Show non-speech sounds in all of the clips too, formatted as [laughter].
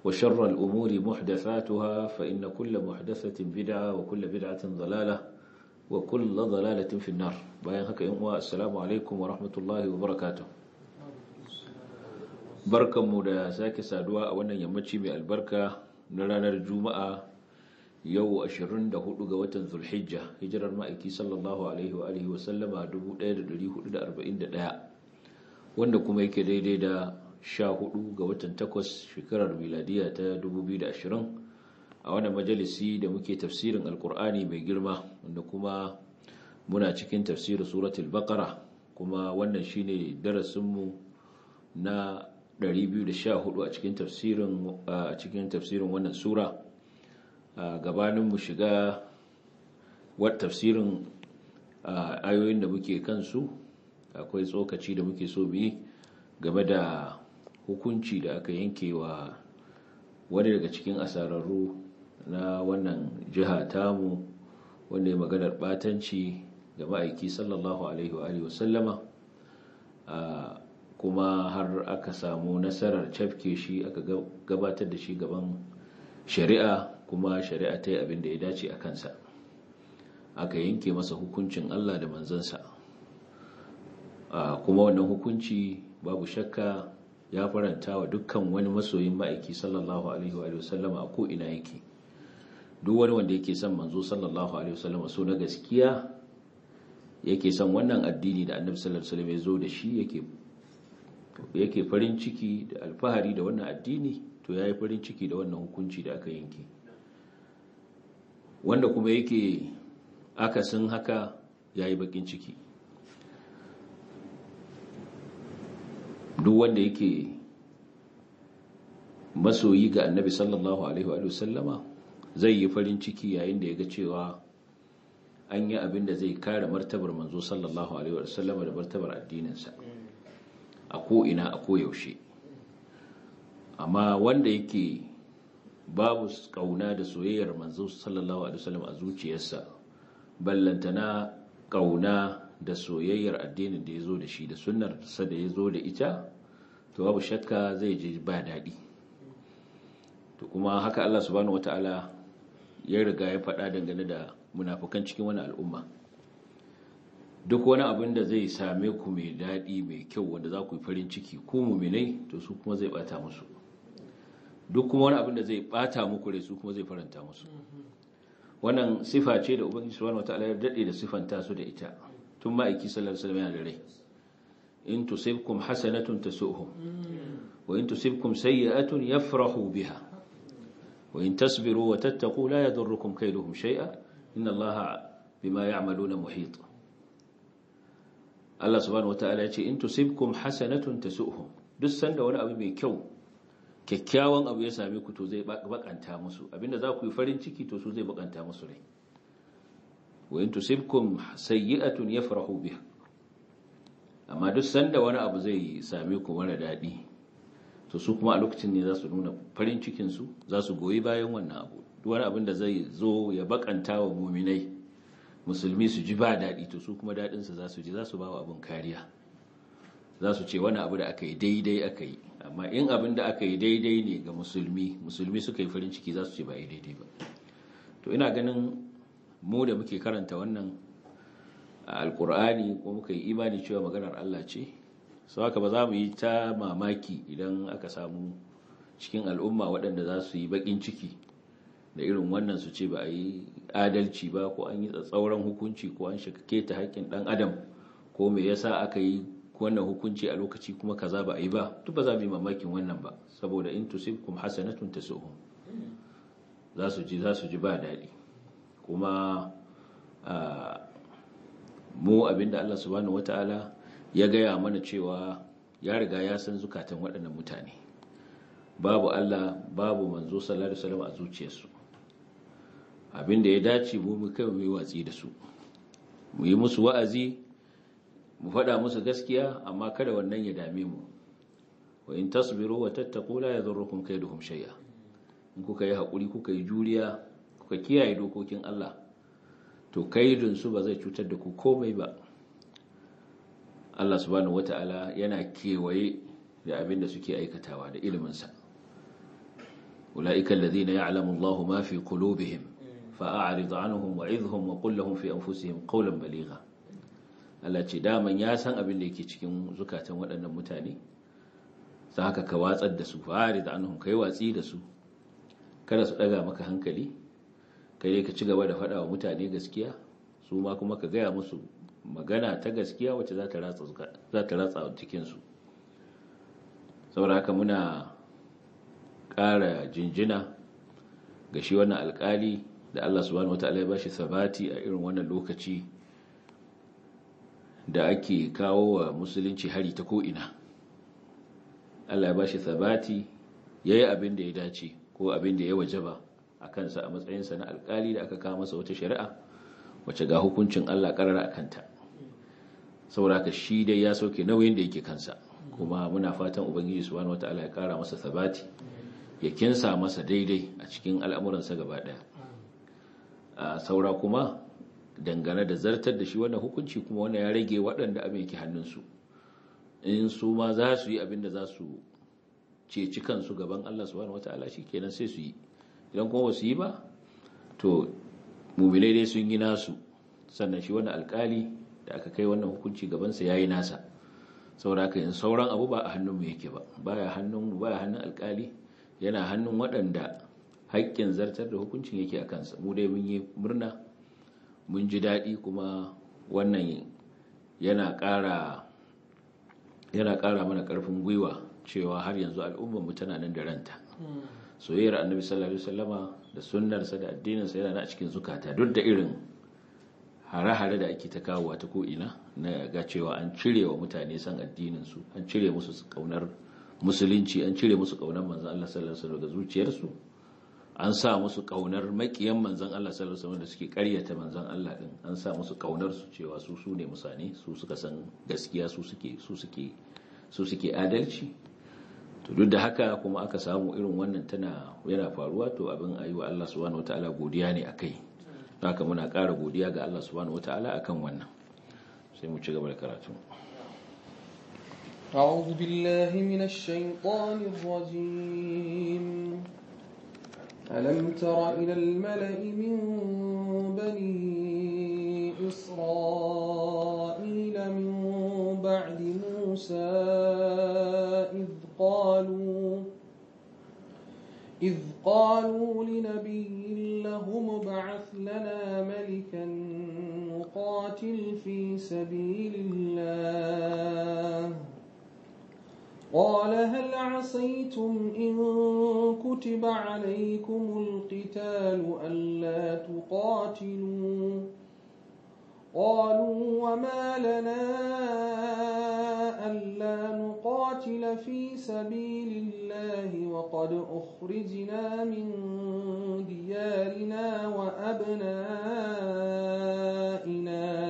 وشر الأمور محدثاتها فإن كل محدثة بدعة وكل بدعة ضلالة وكل ضلالة في النار بيان هكا يوم السلام عليكم ورحمة الله وبركاته بركة مدى ساكي سادواء وانا يمتشي من البركة نرانا الجمعة يو أشرن ده لغة وطن ذو الحجة هجر المائكي صلى الله عليه وآله وسلم دبو دايد دليه دا أربعين دا وانا كما يكي دايد دا 14 ga watan 8 shekarar miladiya ta 2020 a wannan majalisi da muke tafsirin alkur'ani mai girma wanda kuma muna cikin tafsirin suratul baqara kuma wannan shine darasinmu na 214 a cikin tafsirin a cikin tafsirin wannan sura gabanin mu shiga wat tafsirin ayoyin da muke kansu akwai tsokaci da muke so bi game da hukunci da aka yanke wa wani daga cikin asararru na wannan jiha tamu wanda ya maganar batanci ga ma'aiki sallallahu alaihi wa sallama kuma har aka samu nasarar cafke shi aka gabatar da shi gaban shari'a kuma shari'a ta yi abin da ya dace a kansa aka yanke masa hukuncin allah da manzansa kuma wannan hukunci babu shakka ya faranta wa dukkan wani masoyin ma'aiki sallallahu alaihi wa sallama a ko'ina ina yake duk wani wanda yake son manzo sallallahu alaihi wa sallama so na gaskiya yake son wannan addini da annabi sallallahu alaihi wa ya zo da shi yake yake farin ciki da alfahari da wannan addini to yayi farin ciki da wannan hukunci da aka yanke wanda kuma yake akasin haka yayi baƙin ciki duk wanda yake masoyi ga annabi sallallahu alaihi wa sallama zai yi farin ciki yayin da ya ga cewa an yi abin da zai kare martabar manzo sallallahu alaihi wa sallama da martabar addininsa a ko'ina a koyaushe amma wanda yake babu kauna da soyayyar manzo sallallahu alaihi wa sallama a zuciyarsa ballantana kauna da soyayyar addinin da ya zo da shi da sunnar sa da ya zo da ita to babu shakka zai je ba daɗi to kuma haka Allah subhanahu wata'ala ya riga ya faɗa dangane da munafukan cikin wani al'umma duk wani abin da zai same ku mai daɗi mai kyau wanda za ku yi farin ciki ku muminai to su kuma zai ɓata musu duk kuma wani abin da zai ɓata muku rai su kuma zai faranta musu mm-hmm. wannan sifa ce da ubangiji subhanahu wata'ala ya daɗe da sifanta su da ita tun ma'aiki sallallahu alaihi wasallam yana da rai in tusibkum hasanatun tasuhum wa in tusibkum ya yafrahu biha wa in tasbiru wa ya la yadurrukum kayduhum shay'a inna allaha bima na muhit Allah subhanahu wataala ce in tusibkum hasanatun tasuhum duk sanda wani abu mai kyau kyakkyawan abu ya same ku to zai bakanta musu abinda za ku yi farin ciki to su zai bakanta musu rai wa in tusibkum sayyi'atun yafrahu biha amma duk sanda wani abu zai same ku mara daɗi to su kuma a lokacin ne za su nuna farin cikinsu za su goyi bayan wannan abu duk wani abin da zai zo ya bakanta wa muminai musulmi su ji ba daɗi to su kuma daɗinsa za su ji za su ba abin kariya za su ce wani abu da aka yi daidai aka yi amma in abin da aka yi daidai ne ga musulmi musulmi suka yi farin ciki za su ce ba daidai ba to ina ganin mu da muke karanta wannan alkur'ani ko muka yi imani cewa maganar Allah ce sau haka ba za mu yi ta mamaki idan aka samu cikin al'umma waɗanda za su yi baƙin ciki da irin wannan su ce ba a yi adalci ba ko an yi tsatsauran hukunci ko an shakake ta haƙƙin ɗan adam ko me yasa aka yi wannan hukunci a lokaci kuma kaza ba a yi ba duk ba za mu yi mamakin wannan ba saboda in tusibkum hasanatun tasuhum za su ji za su ji ba daɗi kuma mu abinda Allah subhanahu wata'ala ya gaya mana cewa ya riga ya san zukatan waɗannan mutane babu Allah babu manzo sallallahu alaihi wasallam a zuciyarsu abinda ya dace mu mu kai mu watsi da su mu yi musu wa'azi mu faɗa musu gaskiya amma kada wannan ya dame mu wa in tasbiru wa tattaqu la yadhurrukum kayduhum shay'a in kuka yi hakuri kuka yi juriya Ka kiyaye dokokin Allah to kaidin su ba zai cutar da ku komai ba Allah subhanahu wata'ala yana kewaye da abin da suke aikatawa da iliminsa ula'ika alladhina ya'lamu Allahu ma fi qulubihim fa'arid anhum wa'idhhum wa qul lahum fi anfusihim qawlan baligha Allah ce daman ya san abin da yake cikin zukatan waɗannan mutane sai haka ka watsar da su fa'arid anhum kai watsi da su kada su daga maka hankali kai dai ka ci gaba da faɗa wa mutane gaskiya su ma kuma ka gaya musu magana ta gaskiya wacce za ta ratsa cikinsu saboda haka muna ƙara jinjina ga shi wannan alkali da Allah subhanahu wataala ya bashi sabati a irin wannan lokaci da ake kawo wa musulunci hari ta ko'ina Allah ya bashi sabati ya yi abin da ya dace ko abin da ya wajaba a kansa a matsayinsa na alkali da aka kawo masa wata shari'a wacce ga hukuncin Allah karara a kanta sauraka shi dai ya sauke nauyin da yake kansa kuma muna fatan ubangiji subhanahu wataala ya kara masa sabati ya kinsa masa daidai a cikin al'amuransa gaba daya a saura kuma dangane da zartar da shi wannan hukunci kuma wannan ya rage waɗanda abin yake hannunsu in su ma za su yi abin da za su ce cikansu gaban Allah subhanahu wataala kenan sai su yi idan kuma ba su yi ba to mubilai dai sun yi nasu sannan shi wani alkali da aka kai wannan hukunci gabansa ya yi nasa saboda aka yin sauran abu ba a hannunmu yake ba baya hannunmu baya hannun alkali yana hannun waɗanda haƙƙin zartar da hukuncin yake a kansa mu dai mun yi murna mun ji daɗi kuma wannan yana ƙara yana ƙara mana ƙarfin gwiwa cewa har yanzu al'ummar mu tana nan da ranta hmm. soyayyar annabi sallallahu alaihi wasallama da sunnarsa da addininsa yana a cikin zukata duk da irin hare-hare da ake ta kawo ta ko'ina na ga cewa an cire wa mutane san addininsu an cire musu kaunar musulunci an cire musu kaunar manzan Allah sallallahu alaihi wasallam da zuciyarsu an sa musu kaunar makiyan manzan Allah sallallahu alaihi wasallam da suke karyata manzan Allah din an sa musu kaunar su cewa su su ne musane su suka san gaskiya su suke su suke su suke adalci to duk da haka kuma aka samu irin wannan tana yana faruwa to abin a yi wa Allah subhanahu ta'ala godiya ne akai haka muna ƙara godiya ga Allah subhanahu wataala akan wannan sai mu ci gaba da karatu أعوذ بالله من الشيطان الرجيم ألم تر إلى الملأ من بني إسرائيل إذ قالوا لنبي له مبعث لنا ملكا نقاتل في سبيل الله قال هل عصيتم إن كتب عليكم القتال ألا تقاتلوا قالوا وما لنا ألا نقاتل في سبيل الله وقد أخرجنا من ديارنا وأبنائنا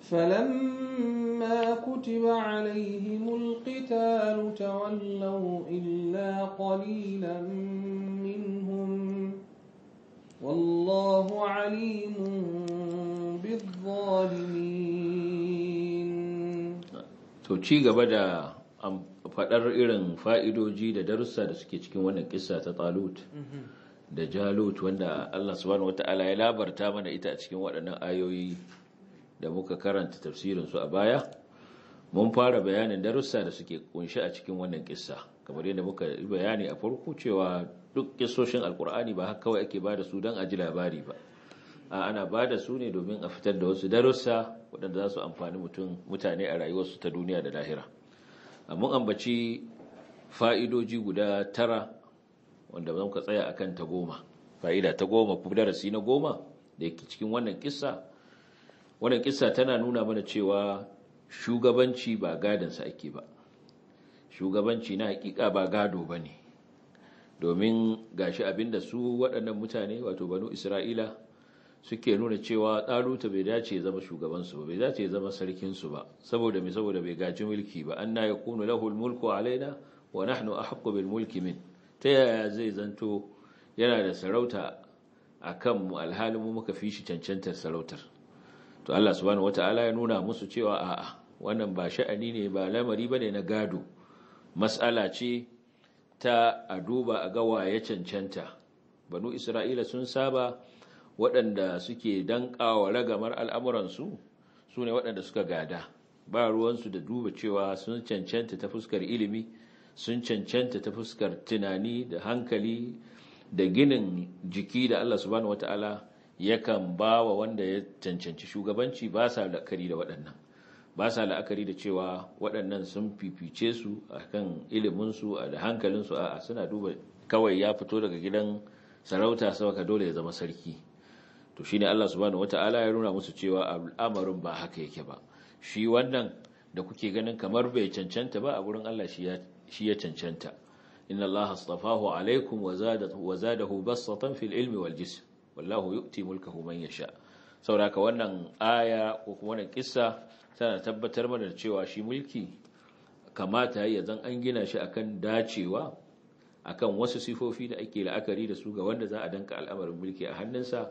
فلما كتب عليهم القتال تولوا إلا قليلا منهم والله عليم بالظالمين to ci gaba da faɗar irin fa'idoji da darussa da suke cikin wannan kisa ta talut da jalut wanda Allah subhanahu wata'ala ya labarta mana ita a cikin waɗannan ayoyi da muka karanta tafsirinsu a baya mun fara bayanin darussa da suke kunshi a cikin wannan kisa kamar yadda muka bayani a farko cewa duk kisoshin alkur'ani ba haka kawai ake ba da su don a ji labari ba ana ba da su ne domin a fitar da wasu darussa waɗanda za su amfani mutane a rayuwarsu ta duniya da lahira mun ambaci fa'idoji guda tara wanda zan ka tsaya akan ta goma fa'ida ta goma kuma darasi na goma da yake cikin wannan kissa wannan kissa tana nuna mana cewa shugabanci ba gadansa ake ba shugabanci na hakika ba gado ba ne domin gashi abinda su waɗannan mutane wato banu isra'ila suke nuna cewa ɗaluta bai dace ya zama shugabansu ba bai dace zama sarkinsu ba saboda mai saboda bai gaji mulki ba anna ya kunu lahul mulku alaina wa nahnu haƙƙo bil mulki min ta yaya zai zanto yana da sarauta kan mu alhalin mu muka fi shi cancantar sarautar to Allah subhanahu ta'ala ya nuna musu cewa a'a wannan ba sha'ani ne ba lamari ba ne na gado Matsala ce ta a duba a ga waye cancanta banu isra'ila sun saba waɗanda suke danƙawa ragamar al'amuransu su ne waɗanda suka gada ba ruwansu da duba cewa sun cancanta ta fuskar ilimi sun cancanta ta fuskar tunani da hankali da ginin jiki da Allah subhanahu wata'ala yakan ba wa wanda ya cancanci shugabanci ba sa la'akari da waɗannan ba sa la'akari da cewa waɗannan sun fifice su a kan iliminsu da hankalinsu a suna duba kawai ya fito daga gidan sarauta sauka dole ya zama sarki to shine Allah subhanahu wata'ala ya nuna musu cewa al'amarin ba haka yake ba shi wannan da kuke ganin kamar bai cancanta ba a gurin Allah shi ya cancanta inna Allah astafahu alaikum wa zadahu wa zadahu basatan fil ilmi wal jism wallahu yu'ti mulkahu man yasha sauraka wannan aya ko kuma wannan kissa tana tabbatar mana cewa shi mulki kamata ya zan an gina shi akan dacewa akan wasu sifofi da ake la'akari da su ga wanda za a danka al'amarin mulki a hannunsa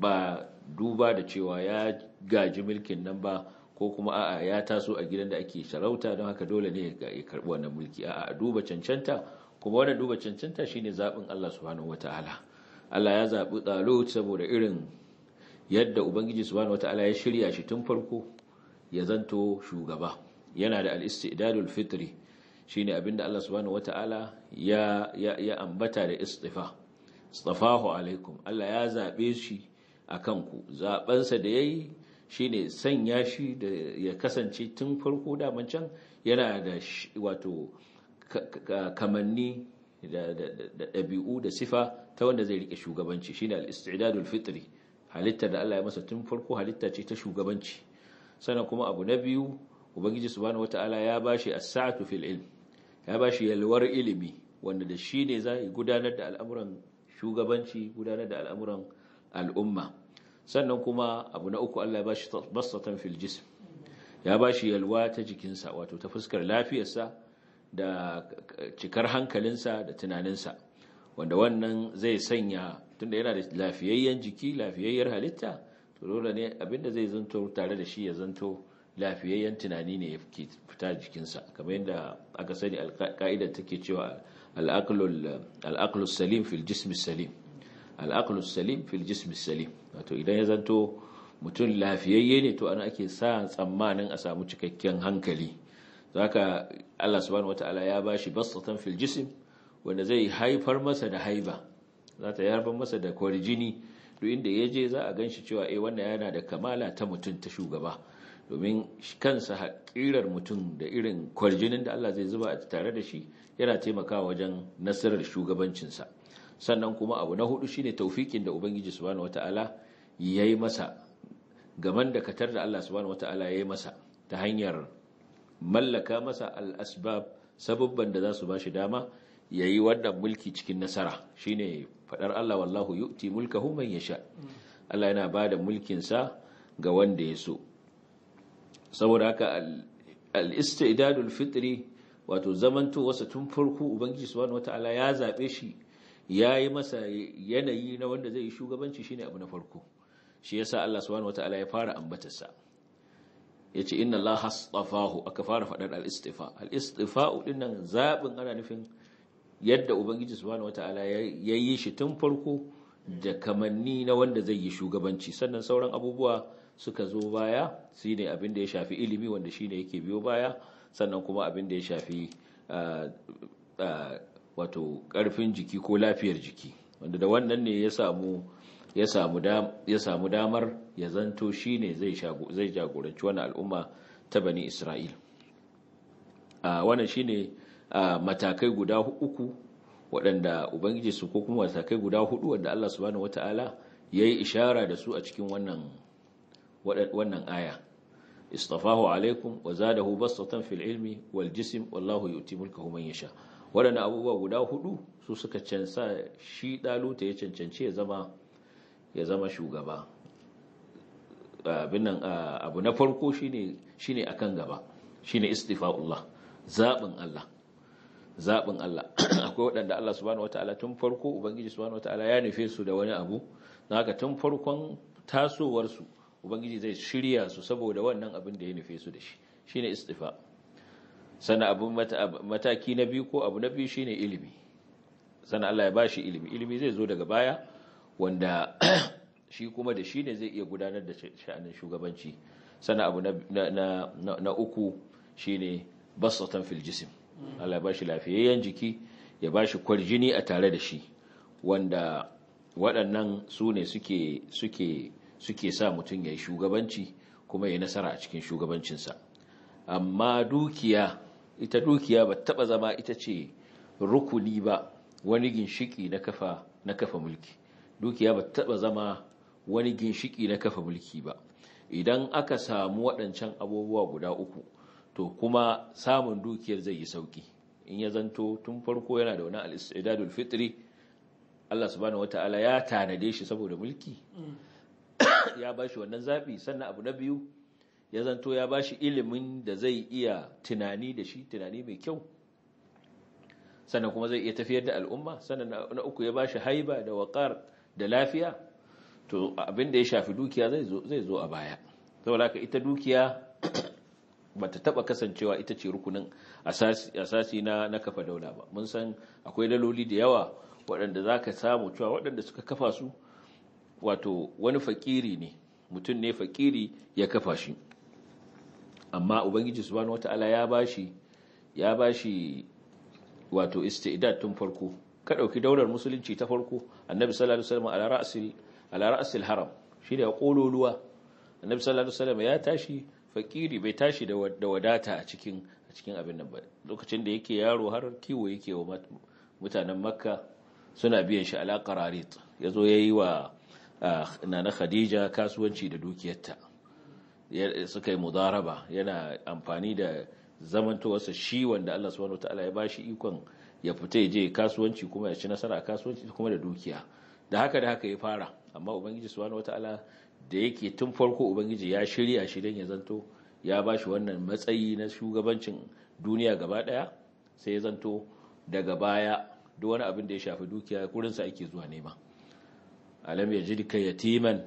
ba duba da cewa ya gaji mulkin nan ba ko kuma a'a ya taso a gidan da ake sharauta, don haka dole ne ya karbi wannan mulki a'a duba cancanta kuma wannan duba cancanta shine zaɓin Allah subhanahu wataala Allah ya zaɓi Talut saboda irin yadda Ubangiji subhanahu wataala ya shirya shi tun farko ya zanto shugaba yana da al-istidadul fitri shine abinda Allah subhanahu wataala ya ya ambata da istifa istafahu alaikum Allah ya zaɓe shi a kanku zaɓensa da ya yi shi ne sanya shi da ya kasance tun farko daman can yana da wato kamanni da ɗabi'u da sifa ta wanda zai rike shugabanci shi ne al'istidadul fitri halittar da Allah ya masa tun farko halitta ce ta shugabanci sannan kuma abu na biyu ubangiji subhanahu wata'ala ya shi as-sa'atu fil ilm ya ba shi yalwar ilimi wanda da shi ne za gudanar da al'amuran shugabanci gudanar da al'amuran al'umma sannan kuma abu na uku Allah ya bashi basatan fil jism ya bashi yalwa ta jikinsa wato ta fuskar lafiyarsa da cikar hankalinsa da tunaninsa wanda wannan zai sanya tunda yana da lafiyayyen jiki lafiyayyar halitta to dole ne abinda zai zanto tare da shi ya zanto lafiyayyen tunani ne ya fita jikinsa kamar yadda aka sani alƙa'idar take cewa al'aqlus salim fil jismi salim al'aqlu salim fil jismi salim wato idan ya zanto mutum lafiyayye ne to ana ake sa tsammanin a samu cikakken hankali zaka Allah subhanahu wataala ya bashi basatan fil jism wanda zai haifar masa da haiba za ta haifar masa da kwarjini duk inda ya je za a ganshi cewa eh wannan yana da kamala ta mutum ta shugaba domin kansa haƙirar mutum da irin kwarjinin da Allah zai zuba tare da shi yana taimakawa wajen nasarar shugabancinsa sannan kuma abu na hudu shine taufikin da ubangiji subhanahu wataala yayi masa gaman da katar da Allah subhanahu wataala yayi masa ta hanyar mallaka masa al-asbab sababban da za su bashi dama yayi wannan mulki cikin nasara shine fadar Allah wallahu yu'ti mulkahu man yasha Allah yana bada mulkin sa ga wanda ya so saboda haka al-istidadul fitri wato zamanto wasa tun farko ubangiji subhanahu wataala ya zabe shi ya yi masa yanayi na wanda zai yi shugabanci shine abu na farko shi ya sa Allah subhanahu wataala ya fara ambatarsa ce inna Allah astafahu aka fara faɗar al'istifa al'istifa al nan zaɓin ana nufin yadda ubangiji subhanahu wataala ya yi shi tun farko da kamanni na wanda zai yi shugabanci sannan sauran abubuwa suka zo baya ne abin da ya shafi ilimi wanda shi ne yake biyo baya sannan kuma abin da ya shafi ah, ah, wato karfin jiki ko lafiyar jiki wanda da wannan ne ya samu ya samu damar ya zanto shine zai zai jagoranci wannan al'umma ta bani Isra'il a wannan shine matakai guda uku waɗanda ubangiji su ko kuma matakai guda hudu wanda Allah subhanahu wataala yayi ishara da su a cikin wannan aya istafahu alaikum wa zadahu bastatan fil ilmi wal jism wallahu yu'ti mulkahu man yasha' waɗanda abubuwa guda hudu su suka cansa shi ɗaluta ya cancanci ya zama ya zama shugaba abu na farko shine akan gaba shine istifa'ullah zaɓin Allah zaɓin Allah [clears throat] akwai waɗanda Allah subhanahu ta'ala tun farko ubangiji subhanahu ta'ala ya nufe su da wani abu na haka tun farkon tasowarsu ubangiji zai shirya su saboda wannan abin da ya nufe su da shi shine istifa sana abu mataki na biyu ko abu na biyu shine ilimi sana Allah ya ba shi ilimi ilimi zai zo daga baya wanda [clears throat] shi kuma da shi ne zai iya gudanar da sha'anin shugabanci sana abu na uku shine ne basotan filjisim Allah ya ba shi lafiyayyen jiki ya ba shi kwarjini a tare da shi wanda waɗannan su ne suke sa mutum ya yi shugabanci kuma ya nasara a cikin shugabancinsa amma dukiya ita dukiya ba taba zama ita ce rukuni ba wani ginshiki na kafa na kafa mulki dukiya ba taba zama wani ginshiki na kafa mulki ba idan aka samu waɗancan abubuwa guda uku to kuma samun dukiyar zai yi sauki in ya zanto tun farko yana da wani al'istidadul fitri Allah subhanahu wataala ya tanade shi saboda mulki mm. [coughs] ya bashi wannan zabi sannan abu na biyu ya zanto ya bashi ilimin da zai iya tunani da shi tunani mai kyau sannan kuma zai iya tafiyar da al'umma sannan na uku ya ba shi haiba da waƙar da lafiya to abin da ya shafi dukiya zai zo a baya saboda haka ita dukiya [clears throat] ba ta taɓa kasancewa ita ce rukunin asasi na na kafa daula ba mun san akwai daloli da yawa waɗanda za ka samu cewa waɗanda suka kafa su wato wani fakiri ne mutum ne fakiri ya kafa shi amma ubangiji subhanahu wataala ya bashi ya bashi wato istidad tun farko ka dauki daular musulunci ta farko annabi sallallahu alaihi wasallam ala ra'sil ala ra'sil haram shi da kololuwa annabi sallallahu alaihi wasallam ya tashi fakiri bai tashi da wadata a cikin a cikin abin nan ba lokacin da yake yaro har kiwo yake wa mutanen makka suna biyan shi ala qararit yazo yayi wa ah, nana khadija kasuwanci da dukiyarta suka yi mudaraba yana amfani da zamantowarsa shi wanda Allah subhanahu wataala ya bashi ikon ya fita ya je kasuwanci kuma ya ci nasara kasuwanci kuma da dukiya da haka da haka ya fara amma ubangiji subhanahu wataala da yake tun farko ubangiji ya shirya shi ya zanto ya bashi wannan matsayi na shugabancin duniya gaba daya sai ya zanto daga baya duk wani abin da ya shafi dukiya kurin sa ake zuwa nema alam yajidka yatiman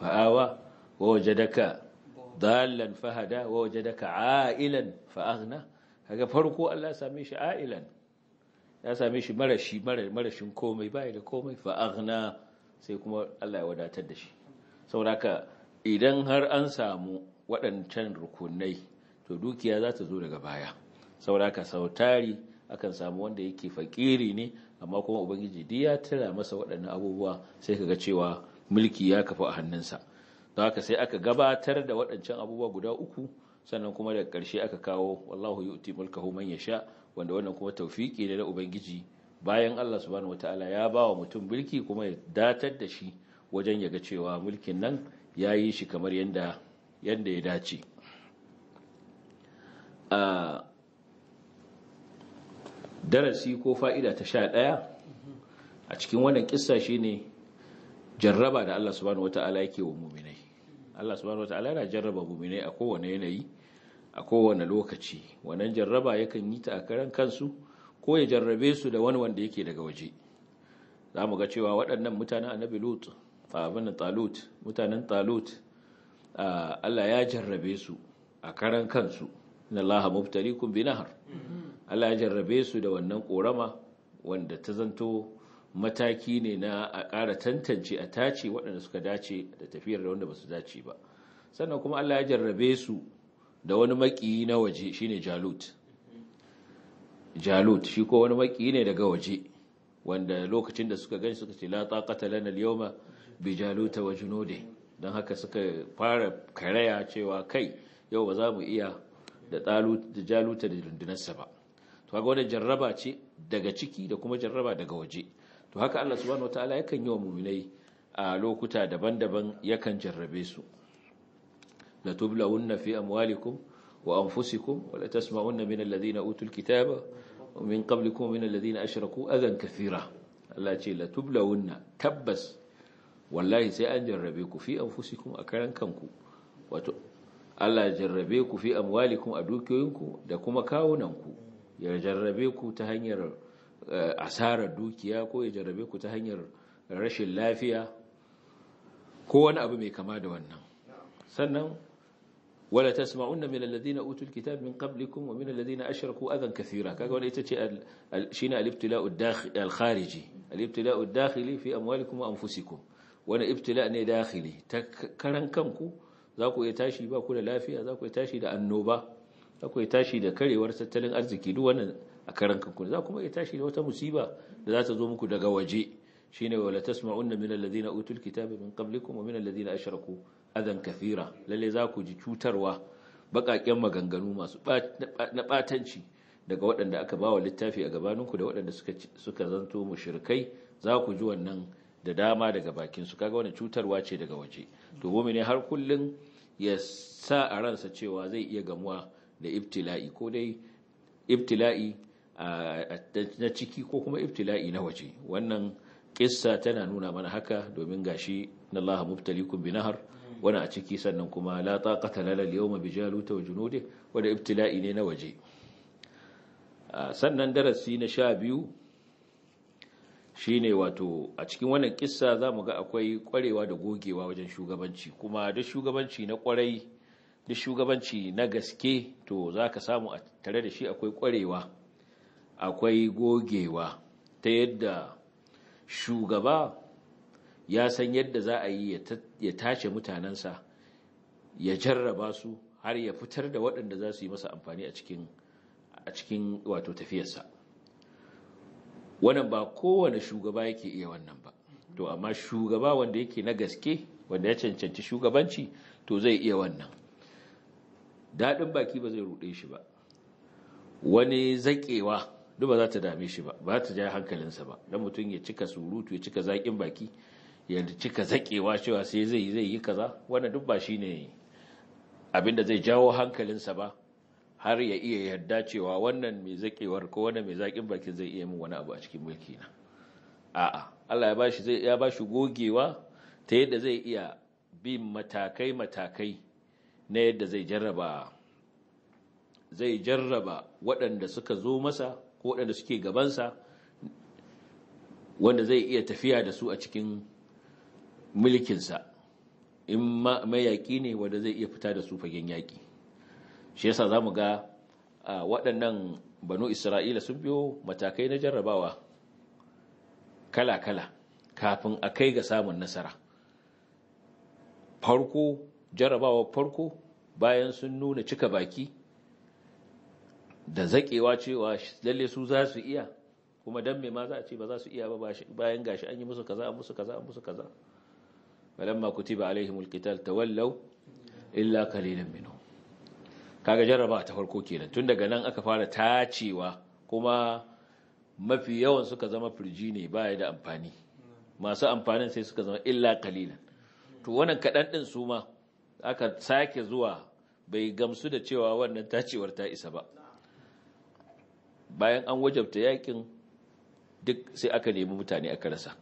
fa'awa wa wajadaka dallan fahada wa wajadaka a'ilan fa aghna kaga farko Allah ya same shi a'ilan ya same shi marashi marashin komai bai da komai fa aghna sai kuma Allah ya wadatar da shi saboda idan har an samu waɗancan rukunai to dukiya za ta zo daga baya saboda ka sautari akan samu wanda yake fakiri ne amma kuma ubangiji diya ya tara masa waɗannan abubuwa sai kaga cewa mulki ya kafa a hannunsa don haka sai aka gabatar da waɗancan abubuwa guda uku sannan kuma daga ƙarshe aka kawo wallahu yu'ti mulkahu man yasha wanda wannan kuma tawfiki ne na ubangiji bayan Allah subhanahu wataala ya ba wa mutum mulki kuma ya datar da shi wajen yaga cewa mulkin nan ya yi shi kamar yadda yadda ya dace a darasi ko fa'ida ta sha ɗaya a cikin wannan kissa ne jarraba da Allah subhanahu wataala yake wa muminai Allah subhanahu ta'ala yana jarraba mu'minai a kowane yanayi a kowane lokaci wannan jarraba yakan yi ta a karan kansu ko ya jarrabe su da wani wanda yake daga waje za mu ga cewa waɗannan mutanen annabi lut abin talut mutanen talut Allah ya jarrabe su a karan kansu inna allaha mubtaliikum bi nahar mm-hmm. Allah ya jarrabe su da wannan korama wanda ta zanto mataki ne na a ƙara tantance a tace waɗanda suka dace da tafiyar da wanda ba su dace ba sannan kuma Allah ya jarrabe su da wani maƙiyi na waje Shi ne Jalut Jalut shi ko wani maƙiyi ne daga waje wanda lokacin da suka gani suka ce lata taqata lana al bi Jaluta wa junode Don haka suka fara karaya cewa kai yau ba za mu iya da Jaluta da rundunarsa ba to ga jarraba ce daga ciki da kuma jarraba daga waje to haka Allah subhanahu wataala yakan yi wa mu'minai a lokuta daban-daban yakan jarrabe su la tublawunna fi amwalikum wa anfusikum wa la tasma'unna min alladhina utul kitaba wa min qablikum min alladhina ashraku adhan kathira Allah ce la tublawunna tabbas wallahi sai an jarrabe ku fi anfusikum a karan kanku wato Allah jarrabe ku fi amwalikum a dukiyoyinku da kuma kawunanku ya jarrabe ku ta hanyar Eh, asarar dukiya ko ya jarrabe ku ta hanyar rashin lafiya ko wani abu mai kama da wannan sannan wala tasma'unna min alladhina utul kitab min qablikum wa min alladhina ashraku adhan kathira kaga wani ita ce shine al-ibtila'u al-khariji al-ibtila'u al dakhili fi amwalikum wa anfusikum wani ibtila ne dakhili ta karan kanku za ku iya tashi ba ku da lafiya za ku iya tashi da annoba za ku iya tashi da karewar tattalin arziki duk wannan a karan kanku za kuma iya tashi da wata musiba da za ta zo muku daga waje Shi shine wala tasma'unna min alladhina utul kitaba min qablikum wa min alladhina ashraku adan kathira lalle za ku ji cutarwa bakaken maganganu masu na batanci daga waɗanda aka bawa littafi a gabaninku da waɗanda suka suka zanto mushrikai za ku ji wannan da dama daga bakin su kaga wannan cutarwa ce daga waje to ne, har kullum ya sa a ransa cewa zai iya gamuwa da ibtila'i ko dai ibtila'i na ciki ko kuma ibtila'i na waje wannan kissa tana nuna mana haka domin gashi na Allah mubtalikum bi nahar wani a ciki sannan kuma la taqata lana al-yawma bi jaluta wa junudi wanda ibtila'i ne na waje sannan darasi na sha biyu shine wato a cikin wannan kissa zamu ga akwai kwarewa da gogewa wajen shugabanci kuma da shugabanci na kwarai da shugabanci na gaske to zaka samu a tare da shi akwai kwarewa akwai gogewa ta yadda shugaba ya san yadda za a yi ya tace mutanensa ya jarraba su har ya fitar da waɗanda za su yi masa amfani a cikin wato tafiyarsa wannan ba kowane shugaba yake iya wannan ba to amma shugaba wanda yake na gaske wanda ya cancanci shugabanci to zai iya wannan daɗin baki ba zai ruɗe shi ba wani zaƙewa duk ba za ta dame shi ba ba ta ja hankalinsa ba dan mutum ya cika surutu ya cika zaƙin baki ya cika zaƙewa cewa sai zai zai yi kaza wannan duk ba shine abinda zai jawo hankalinsa ba har ya iya yarda cewa wannan mai zaƙewar ko wannan mai zaƙin bakin zai iya min wani abu a cikin mulki na a'a Allah ya bashi zai ya bashi gogewa ta yadda zai iya bin matakai matakai na yadda zai jarraba zai jarraba waɗanda suka zo masa ko waɗanda suke gabansa wanda zai iya tafiya da su a cikin mulkinsa in mai yaƙi ne wanda zai iya fita da su fagen yaƙi shi yasa za mu ga waɗannan banu isra'ila sun biyo matakai na jarrabawa kala-kala kafin a kai ga samun nasara farko jarrabawa farko bayan sun nuna cika baki da zaƙewa cewa lalle su za su iya kuma dan me ma za a ce ba za su iya ba bayan gashi an yi musu kaza an musu kaza an musu kaza falamma kutiba alaihimul qital tawallaw illa qalilan minhum kaga jarraba ta farko kenan tun daga nan aka fara tacewa kuma mafi yawan suka zama firji ne baya da amfani masu amfanin sai suka zama illa qalilan to wannan kaɗan ɗin su ma aka sake zuwa bai gamsu da cewa wannan tacewar ta isa ba bayan an wajabta yakin duk sai aka nemi mutane aka rasa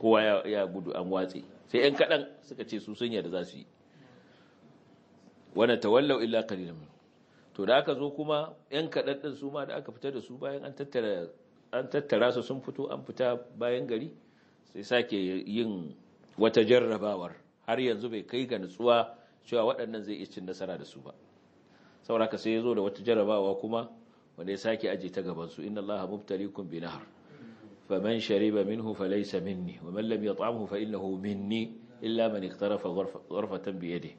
kowa ya gudu an watsi sai ‘yan kaɗan suka ce su sun yarda za su yi wane tawallau illa kalilin to da aka zo kuma ‘yan kaɗan ɗin su ma da aka fita da su bayan an tattara su sun fito an fita bayan gari sai sake yin wata jarrabawar har yanzu bai kai ga nutsuwa cewa waɗannan zai iya cin nasara da su ba sauraka sai ya zo da wata jarrabawa kuma wanda ya sake ajiye ta gaban su inna allaha mubtaliikum bi nahr faman shariba minhu falaysa minni wa man lam yat'amhu fa innahu minni illa man iqtarafa ghurfatan bi yadihi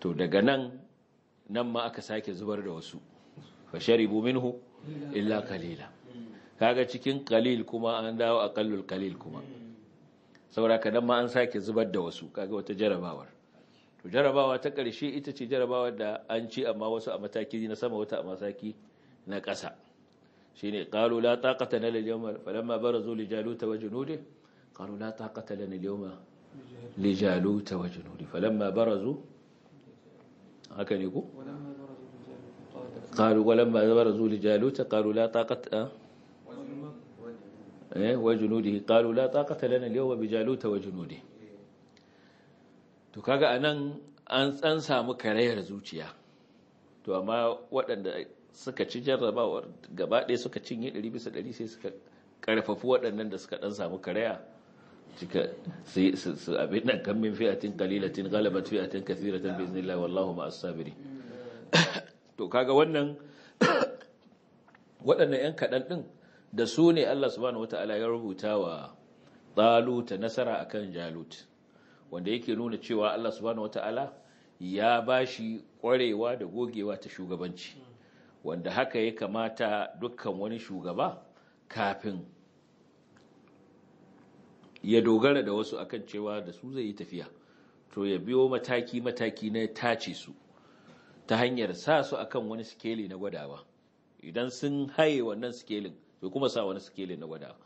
to daga nan nan ma aka sake zubar da wasu fa sharibu minhu illa qalila kaga cikin qalil kuma an dawo aqallul qalil kuma saboda kadan ma an sake zubar da wasu kaga wata jarabawar to jarabawa ta ƙarshe ita ce jarabawa da an ci amma wasu a mataki na sama wata a mataki na ƙasa shine qalu la taqata lana al-yawma falamma barazu li jaluta wa junudihi qalu la taqata lana al-yawma li jaluta wa junudihi falamma barazu haka ne ku قالوا ولما برزوا لجالوت قالوا لا طاقة وجنوده قالوا لا طاقة لنا اليوم بجالوت وجنوده to kaga anan an tsan samu karayar zuciya to amma waɗanda suka ci jarrabawar gaba ɗaya suka cinye ɗari bisa ɗari sai suka ƙarfafi waɗannan da suka ɗan samu karaya cika su abin nan kan min fi'atin qalilatin ghalabat fi'atin kathiratan bi iznillah wallahu ma'as sabiri [coughs] to kaga wannan [coughs] waɗannan ‘yan kaɗan ɗin da su ne Allah subhanahu wa ta'ala ya rubuta wa ta nasara a kan jalut wanda yake nuna cewa Allah subhanahu wataala ya bashi ƙwarewa da gogewa ta shugabanci wanda haka ya kamata dukkan wani shugaba kafin ya dogara da wasu akan cewa da su zai yi tafiya to ya biyo mataki-mataki na tace su ta hanyar sa su akan wani skeli na gwadawa idan sun haye wannan sikelin to kuma sa wani skelin na gwadawa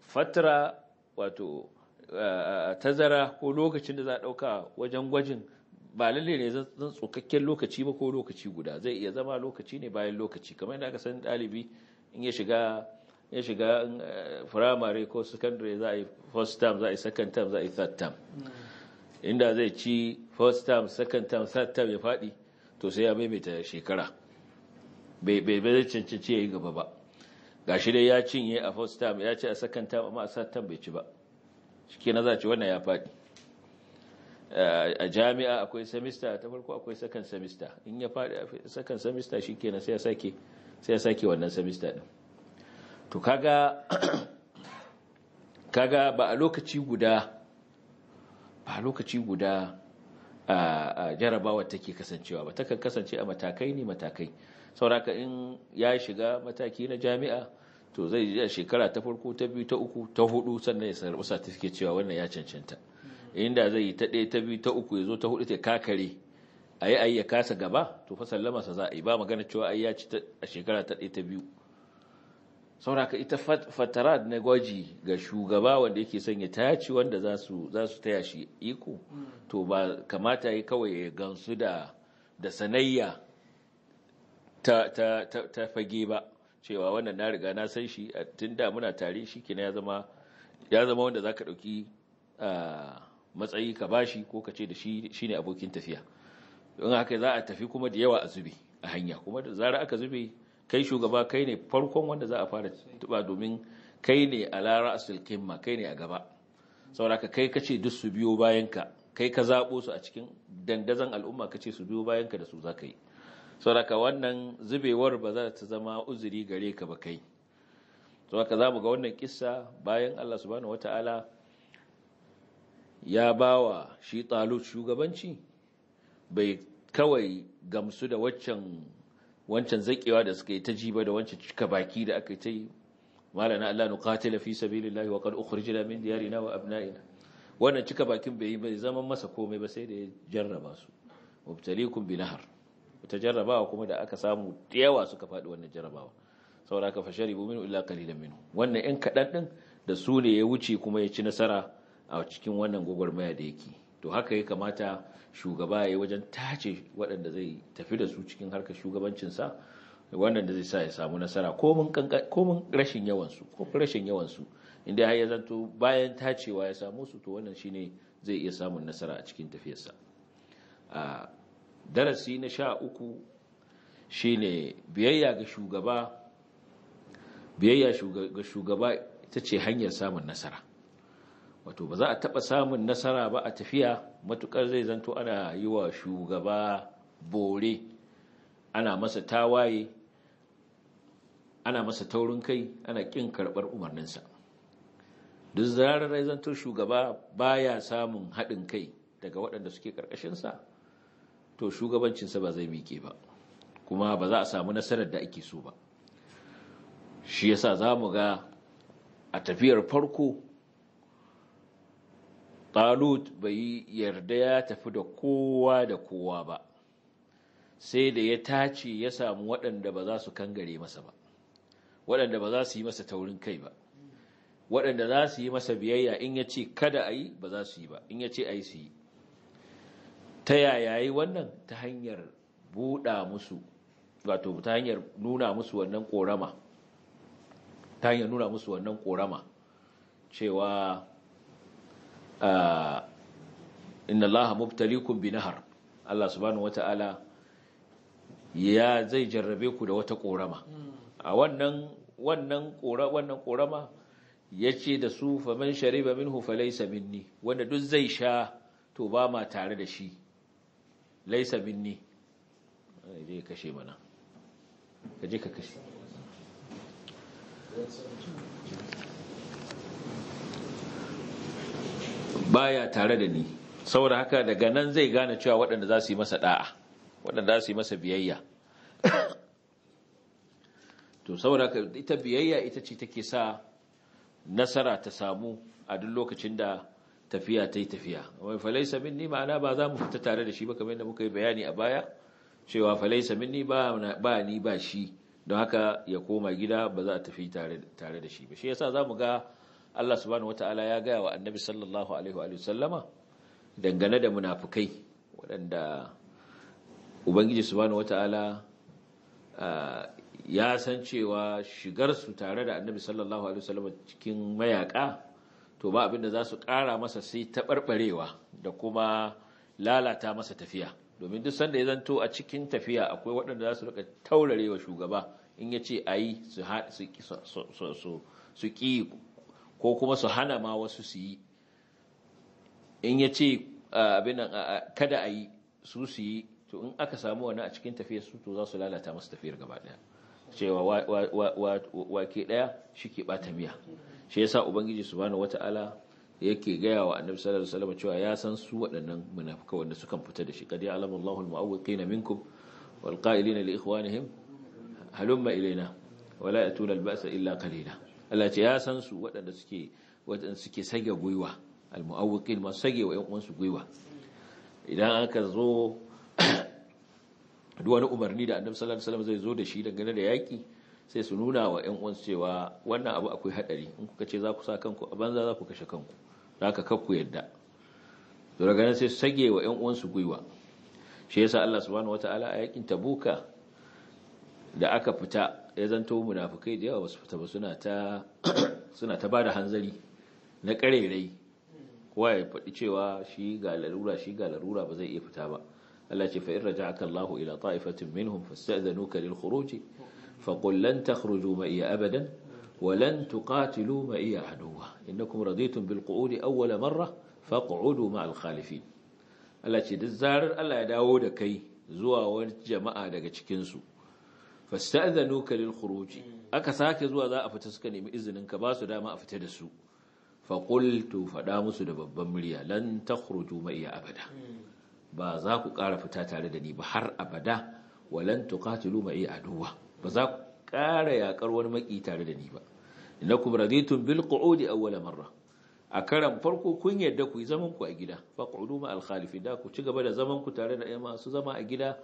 fatara wato Eh, tazara ko lokacin da za a ɗauka wajen gwajin ba lalle ne zan tsokakken lokaci ba ko lokaci guda zai iya zama lokaci ne bayan lokaci kamar yadda aka san ɗalibi in ya shiga ya shiga eh, firamare ko secondary za a yi first term za a yi second term za a yi third term hmm. inda zai ci first term second term third term ya faɗi to sai ya maimaita shekara bai bai cancanci ya yi gaba ba gashi dai ya cinye a first term ya ci a second term amma a third term bai ci ba shi na za ci wannan ya faɗi a jami'a akwai semester ta farko akwai second semester in ya faɗi a second semester shi sai ya sake wannan semester ɗin to kaga [clears throat] kaga ba a lokaci guda ba a lokaci guda a jarabawar take kasancewa ba takan kasance a matakai ne matakai sauraka in ya shiga mataki na jami'a to zai ji a shekara ta farko ta biyu ta uku ta hudu sannan ya sarrafa certificate cewa wannan ya cancanta inda zai yi ta ɗaya ta biyu ta uku ya zo ta hudu ta kakare a yi ayi ya kasa gaba to fa sallama sa za a yi ba magana cewa ai ya ci a shekara ta ɗaya ta biyu sauraka ita fatara na gwaji ga shugaba wanda yake son ya taci wanda za su taya shi iko to ba kamata ya kawai ya gansu da sanayya ta fage ba cewa wannan na riga na san shi tun da muna tare shi kenan ya zama ya zama wanda zaka dauki matsayi ka bashi ko ka ce da shi shine abokin tafiya don haka za a tafi kuma da yawa a zube a hanya kuma da zara aka zube kai shugaba kai ne farkon wanda za a fara tuba domin kai ne a lara kimma kai ne a gaba sauraka kai ka ce duk su biyo bayan ka kai ka zaɓo su a cikin dandazan al'umma ka ce su biyo bayanka da su za yi sauraka wannan zubewar ba za ta zama uzuri gare ka ba kai sauraka za mu ga wannan kisa bayan Allah subhanahu ta'ala ya bawa shi talut shugabanci bai kawai gamsu da wancan zaƙewa da suka yi ta ba da wancan cika baki da aka yi ta yi malana Allah nuqatila fi lillahi wa ukuri jira min na wa abna'ina wannan cika bakin bai yi bai zama masa komai ba sai da ya jarraba su mubtalikum bi nahar ta jarrabawa kuma da aka samu da yawa suka faɗi wannan jarrabawa saboda aka ribo minu illa qalilan minu wannan yan kaɗan ɗin da su ne ya wuce kuma ya ci nasara a cikin wannan gwagwarmaya da yake to haka ya kamata shugaba ya yi wajen tace waɗanda zai tafi da su cikin harkar shugabancinsa wannan da zai sa ya samu nasara mun rashin su ko rashin su inda har ya zanto bayan tacewa ya samu su to wannan shine zai iya samun nasara a cikin tafiyarsa ah, darasi na sha uku shi ne biyayya ga shugaba biyayya ga shugaba ita ce hanyar samun nasara wato ba za a taɓa samun nasara ba a tafiya matuƙar zai zanto ana yi wa shugaba bore ana masa tawaye ana masa taurin kai ana ƙin karɓar umarninsa duk zarar zai zanto shugaba baya samun haɗin kai daga waɗanda suke ƙarƙashinsa to shugabancinsa ba zai miƙe ba kuma ba za a samu nasarar da ake so ba shi yasa za mu ga a tafiyar farko talut bai yarda ya tafi da kowa da kowa ba sai da ya tace ya samu waɗanda ba za su kangare masa ba waɗanda ba za su yi masa taurin kai ba waɗanda za su yi masa biyayya in ya ce kada a yi ba za su yi ba in ya ce a yi su yi ta yaya yi wannan ta hanyar buɗa musu wato ta hanyar nuna musu wannan ƙorama ta hanyar nuna musu wannan ƙorama cewa inna allaha mubtalikum bi nahar Allah subhanahu wata'ala ya zai jarrabe ku da wata ƙorama a wannan wannan ƙorama wannan ƙorama yace da su faman shariba minhu hufalai minni wanda duk zai sha to ba ma tare da shi laisa minni zai kashe mana ka je ka kashe baya tare da ni saboda haka daga nan zai gane cewa waɗanda za su yi masa ɗa'a waɗanda za su yi masa biyayya [coughs] to saboda haka ita biyayya ita ce take sa nasara ta samu a duk lokacin da tafiya ta yi tafiya falai falaisa minni ma'ana ba za mu fita tare da shi ba kamar yadda muka yi bayani a baya cewa falaisa minni ba ba ni ba shi don haka ya koma gida ba za a tafi tare da shi ba shi yasa mu ga Allah subhanahu ta'ala ya gaya wa Annabi sallallahu alaihi wa sallama dangane da munafukai waɗanda ubangiji subhanahu ta'ala ya san cewa shigar su tare da Annabi sallallahu alaihi wa sallama cikin mayaka to ba abinda za su ƙara masa sai taɓarɓarewa da kuma lalata masa tafiya domin duk sanda ya zanto a cikin tafiya akwai waɗanda za su rika taurarewa shugaba in ya ce a yi su ƙi ko kuma su hana ma wasu su yi in ya ce kada a yi su su yi to in aka samu wani a cikin tafiyar su to za su lalata masu tafiyar gaba ɗaya cewa wake ɗaya shi ke ɓata miya shi yasa ubangiji subhanahu wataala yake gaya wa annabi sallallahu alaihi wasallam cewa ya san su waɗannan munafikai wanda sukan fita da shi qad ya'lamu Allahu al-mu'awwiqina minkum wal qa'ilina li ikhwanihim halumma ilaina wala yatuna al-ba'sa illa qalila Allah ce ya san su waɗanda suke waɗanda suke sage gwiwa al-mu'awwiqin ma sage wa yan uwansu gwiwa idan aka zo [coughs] duwani umarni da annabi sallallahu alaihi wasallam zai zo da shi dangane da yaki sai su nuna wa ‘yan uwansu cewa wannan abu akwai haɗari in kuka ce za ku sa kanku a banza za ku kashe kanku za ka kakku yadda to daga nan sai su sage wa ‘yan uwansu gwiwa shi yasa Allah subhanahu wata'ala a yakin tabuka da aka fita ya zanto munafukai da yawa ba su fita ba suna ta [clears throat] suna ta bada hanzari na karerai kowa ya faɗi cewa shi ga larura shi ga larura ba zai iya fita ba Allah ce fa in raja'aka Allahu ila ta'ifatin minhum fasta'dhanuka lil khuruj فقل لن تخرجوا معي أبدا ولن تقاتلوا معي عدوا إنكم رضيتم بالقعود أول مرة فاقعدوا مع الخالفين Allah ce duk zarar Allah ya dawo da kai zuwa wani jama'a daga cikinsu fasta'zanu ka lil khuruji aka sake zuwa za a fita suka nemi izinin ka ba su dama a fita da su fa qultu fada musu da babban murya lan takhruju ma abada ba za ku ƙara fita tare da ni ba har abada walan tuqatilu ma iya aduwa ba za ku ƙara yaƙar wani maƙi tare da ni ba innakum raditun bil qu'udi awwala marra a karan farko kun yarda ku yi zaman ku a gida fa qu'udu ma al da ku ci gaba da zaman ku tare da masu zama a gida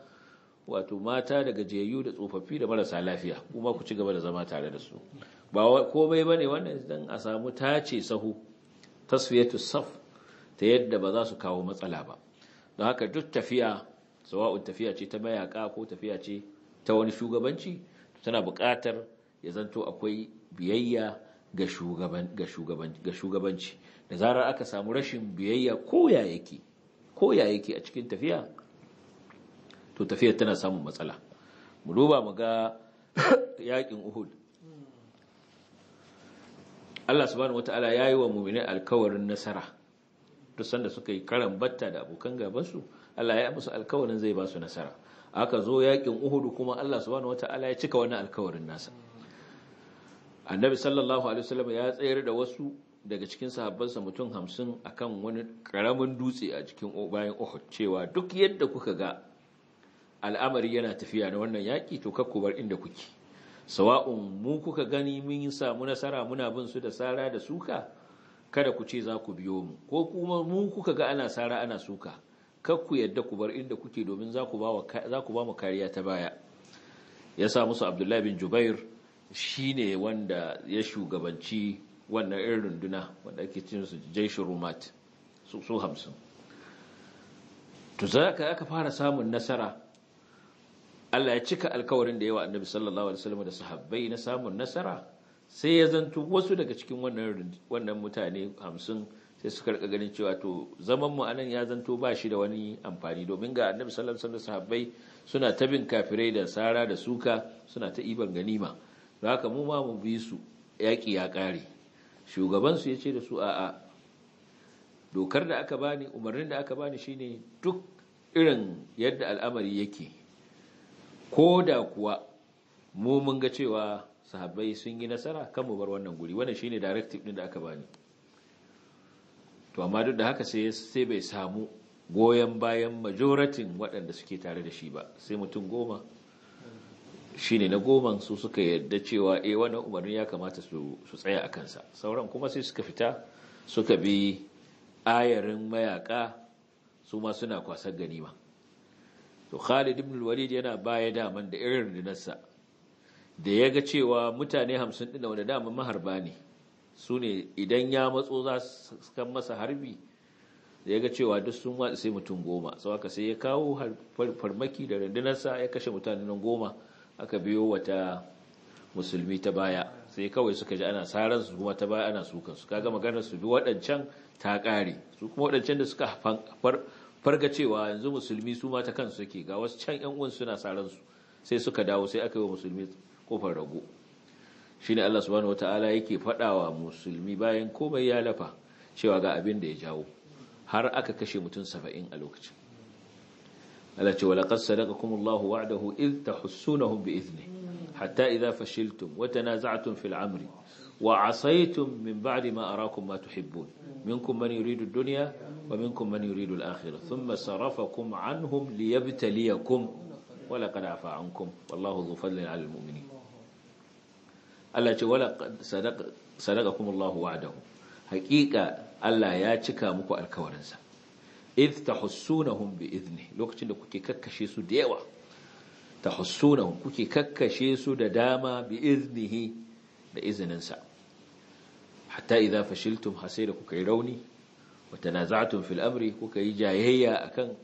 wato mata da gajiyayyu da tsofaffi da marasa lafiya kuma ku ci gaba da zama tare da su ba komai bane wannan dan a samu tace sahu tasfiyatu saf ta yadda ba za su kawo matsala ba don haka duk tafiya sawa'un tafiya ce ta mayaka ko tafiya ce ta wani shugabanci tana buƙatar ya zanto akwai biyayya ga shugabanci da zarar aka samu rashin biyayya ko yake yake a cikin tafiya to tafiyar tana samun matsala mu duba mu ga yakin uhud Allah subhanahu wata'ala ya yi wa muminai alkawarin nasara duk sanda suka yi karan da abokan gabansu Allah ya yi musu alkawarin zai ba su nasara aka zo yakin uhudu kuma Allah subhanahu wataala ya cika wannan alkawarin nasa annabi sallallahu alaihi wasallam ya tsayar da wasu daga cikin sahabbansa mutum hamsin akan wani karamin dutse a cikin bayan uhud cewa duk yadda kuka ga al'amari yana tafiya na wannan yaki to kakku bar inda kuke sawa'un mu kuka gani mun samu nasara muna bin su da sara da suka kada ku ce za ku biyo mu ko kuma mu kuka ga ana sara ana suka kar ku yadda ku bar inda kuke domin za ku ba mu kariya ta baya ya sa musu abdullahi bin jubair shi ne wanda ya shugabanci wannan irin runduna wanda ake cin su jaishin rumat su hamsin to za ka aka fara samun nasara Allah ya cika alkawarin da yawa annabi sallallahu alaihi wasallam da sahabbai na samun nasara sai ya zanto wasu daga cikin wannan mutane hamsin sai suka rika ganin cewa to zaman mu anan ya zanto ba shi da wani amfani domin ga annabi sallallahu alaihi wasallam sahabbai suna ta bin kafirai da sara da suka suna ta iban ganima haka mu ma mu bi su yaki ya kare shugaban su yace da su a'a dokar da aka bani umarnin da aka bani shine duk irin yadda al'amari yake ko da kuwa mu mun ga cewa sahabbai sun yi nasara kan mu bar wannan guri wannan shine directive din da aka bani to amma duk da haka sai bai samu goyon bayan majoratin waɗanda suke tare da shi ba sai mutum goma shi ne na goma su suka yarda cewa A eh, wannan umarni ya kamata su tsaya a kansa sauran kuma sai suka fita suka bi ayarin mayaka su ma suna kwasar ganima to Khalid ibn walid yana baya daman da irin dinarsa da ya ga cewa mutane hamsin ɗin da wanda maharba ne su ne idan ya matso za su kan masa harbi da ya ga cewa duk sun watsa sai mutum goma sau aka sai ya kawo farmaki da rundunarsa ya kashe mutanen goma aka biyo wata musulmi ta baya sai kawai suka ji ana saran su kuma ta baya ana sukan su kaga maganar su bi waɗancan ta ƙari su kuma waɗancan da suka farga cewa yanzu musulmi su ma kansu suke ga wasu can yan uwan suna saran su sai suka dawo sai aka yi wa musulmi kofar rago shine Allah subhanahu wataala yake fadawa musulmi bayan komai ya lafa cewa ga abin da ya jawo har aka kashe mutum saba'in a lokacin Allah ce walaqad ta wa'dahu id bi bi'izni hatta idza fashiltum wa tanaza'tum fil amri wa 'asaytum min ba'di ma arakum ma tuhibbun minkum man yuridu ad-dunya wa minkum man yuridu al-akhirah thumma sarafakum 'anhum liyabtaliyakum wa laqad afa 'ankum wallahu dhu fadlin 'alal mu'minin Allah ce wala sadaqakum Allahu wa'dahu haqiqa Allah ya cika muku alkawarinsa idh tahussunahum bi idni lokacin da kuke kakkashe su da yawa tahussunahum kuke kakkashe su da dama bi idnihi da izininsa hatta idza fashiltum hasira kuka yi rauni wa tanaza'tum fil amri kuka yi jayayya akan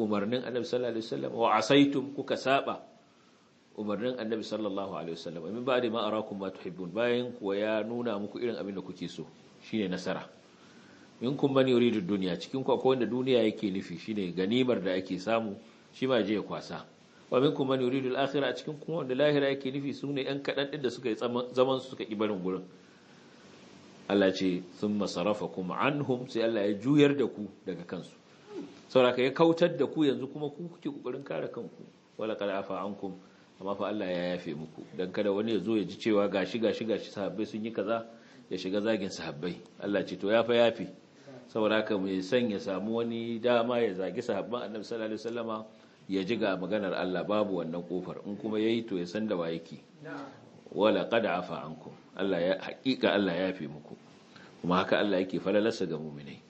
umarnin Annabi sallallahu alaihi wasallam wa asaitum kuka saba umarnin annabi sallallahu alaihi wasallam ba da ma arakum ma tuhibbun bayan kuwa ya nuna muku irin abin da kuke so shine nasara in kun bani yuridu duniya cikin ku akwai wanda duniya yake nufi shine ganimar da ake samu shi ma je ya kwasa wa kun bani yuridu al-akhirah cikin kuma wanda lahira yake nufi su ne yan kaɗan ɗin da suka yi zaman su suka ƙi barin gurin Allah ce sun masarafa kuma anhum sai Allah ya juyar da ku daga kansu sauraka ya kautar da ku yanzu kuma ku kuke kokarin kare kanku wala kada afa ankum amma fa Allah ya yafe muku dan kada wani ya zo ya ji cewa gashi gashi gashi sahabbai sun yi kaza ya shiga zagin sahabbai Allah ce to ya fa yafe saboda haka mai san ya samu wani dama ya zagi sahabban Annabi sallallahu alaihi wasallama ya ji ga maganar Allah babu wannan kofar in kuma yayi to ya san da wa yake wala qad afa ankum Allah ya hakika Allah ya yafe muku kuma haka Allah yake falalarsa ga mu'minai